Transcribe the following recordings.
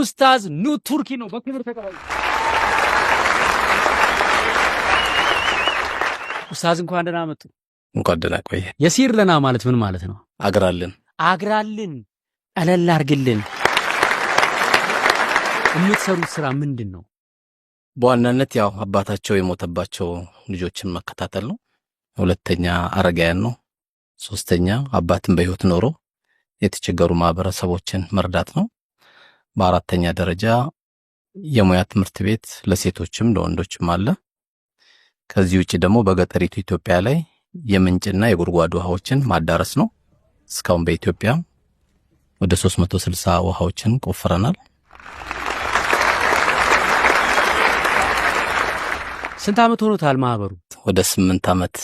ኡስታዝ ኑ ቱርኪ ነው። በክብር ተቀበሉ። ኡስታዝ እንኳን ደህና መጡ። እንኳን ደህና ቆየ። የሲር ለና ማለት ምን ማለት ነው? አግራልን አግራልን፣ ቀለል አርግልን። የምትሰሩት ስራ ምንድን ነው? በዋናነት ያው አባታቸው የሞተባቸው ልጆችን መከታተል ነው። ሁለተኛ አረጋያን ነው። ሶስተኛ አባትን በህይወት ኖሮ የተቸገሩ ማህበረሰቦችን መርዳት ነው። በአራተኛ ደረጃ የሙያ ትምህርት ቤት ለሴቶችም ለወንዶችም አለ። ከዚህ ውጭ ደግሞ በገጠሪቱ ኢትዮጵያ ላይ የምንጭና የጉድጓድ ውሃዎችን ማዳረስ ነው። እስካሁን በኢትዮጵያ ወደ 360 ውሃዎችን ቆፍረናል። ስንት ዓመት ሆኖታል ማህበሩ? ወደ ስምንት ዓመት።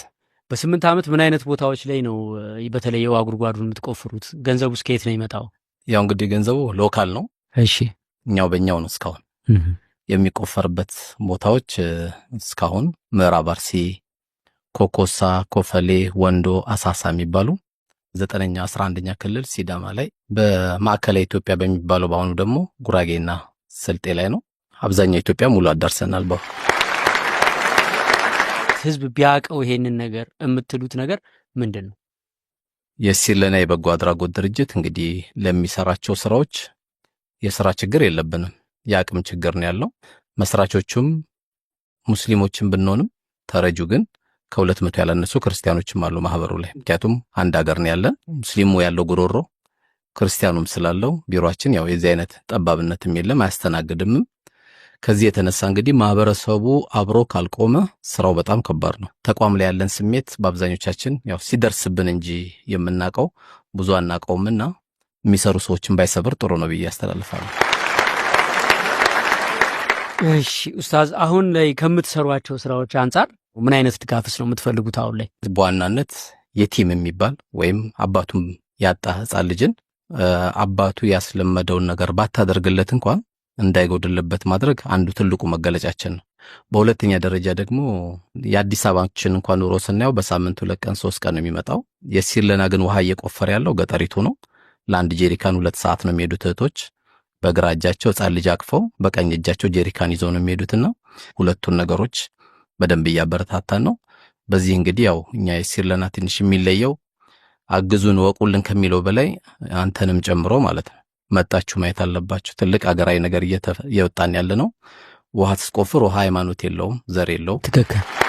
በስምንት ዓመት ምን አይነት ቦታዎች ላይ ነው በተለይ የውሃ ጉድጓዱን የምትቆፍሩት? ገንዘቡ ስከየት ነው ይመጣው? ያው እንግዲህ ገንዘቡ ሎካል ነው። እሺ እኛው በእኛው ነው እስካሁን የሚቆፈርበት ቦታዎች እስካሁን ምዕራብ አርሲ፣ ኮኮሳ፣ ኮፈሌ፣ ወንዶ፣ አሳሳ የሚባሉ ዘጠነኛ አስራ አንደኛ ክልል ሲዳማ ላይ በማዕከላዊ ኢትዮጵያ በሚባለው በአሁኑ ደግሞ ጉራጌና ስልጤ ላይ ነው። አብዛኛው ኢትዮጵያ ሙሉ አዳርሰናል። በሁ ህዝብ ቢያውቀው ይሄንን ነገር የምትሉት ነገር ምንድን ነው? የሲለና የበጎ አድራጎት ድርጅት እንግዲህ ለሚሰራቸው ስራዎች የስራ ችግር የለብንም። የአቅም ችግር ነው ያለው። መስራቾቹም ሙስሊሞችን ብንሆንም ተረጁ ግን ከሁለት መቶ ያላነሱ ክርስቲያኖችም አሉ ማህበሩ ላይ። ምክንያቱም አንድ ሀገር ነው ያለን። ሙስሊሙ ያለው ጉሮሮ ክርስቲያኑም ስላለው ቢሮችን ያው የዚህ አይነት ጠባብነትም የለም አያስተናግድምም። ከዚህ የተነሳ እንግዲህ ማህበረሰቡ አብሮ ካልቆመ ስራው በጣም ከባድ ነው። ተቋም ላይ ያለን ስሜት በአብዛኞቻችን ያው ሲደርስብን እንጂ የምናውቀው ብዙ አናውቀውምና የሚሰሩ ሰዎችን ባይሰብር ጥሩ ነው ብዬ ያስተላልፋሉ። እሺ ኡስታዝ፣ አሁን ላይ ከምትሰሯቸው ስራዎች አንጻር ምን አይነት ድጋፍስ ነው የምትፈልጉት? አሁን ላይ በዋናነት የቲም የሚባል ወይም አባቱም ያጣ ህፃን ልጅን አባቱ ያስለመደውን ነገር ባታደርግለት እንኳን እንዳይጎድልበት ማድረግ አንዱ ትልቁ መገለጫችን ነው። በሁለተኛ ደረጃ ደግሞ የአዲስ አበባችን እንኳን ኑሮ ስናየው በሳምንት ሁለት ቀን ሶስት ቀን ነው የሚመጣው። የሲለና ግን ውሃ እየቆፈረ ያለው ገጠሪቱ ነው። ለአንድ ጄሪካን ሁለት ሰዓት ነው የሚሄዱት እህቶች። በግራ እጃቸው ህፃን ልጅ አቅፈው በቀኝ እጃቸው ጄሪካን ይዘው ነው የሚሄዱትና ሁለቱን ነገሮች በደንብ እያበረታታን ነው። በዚህ እንግዲህ ያው እኛ የሲርለና ትንሽ የሚለየው አግዙን ወቁልን ከሚለው በላይ አንተንም ጨምሮ ማለት ነው መጣችሁ ማየት አለባችሁ። ትልቅ አገራዊ ነገር እየወጣን ያለ ነው። ውሃ ትስቆፍር ውሃ ሃይማኖት የለውም ዘር የለውም። ትክክል